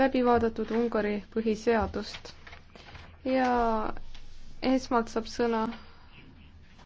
läbi vaadatud Ungari põhiseadust ja esmalt saab sõna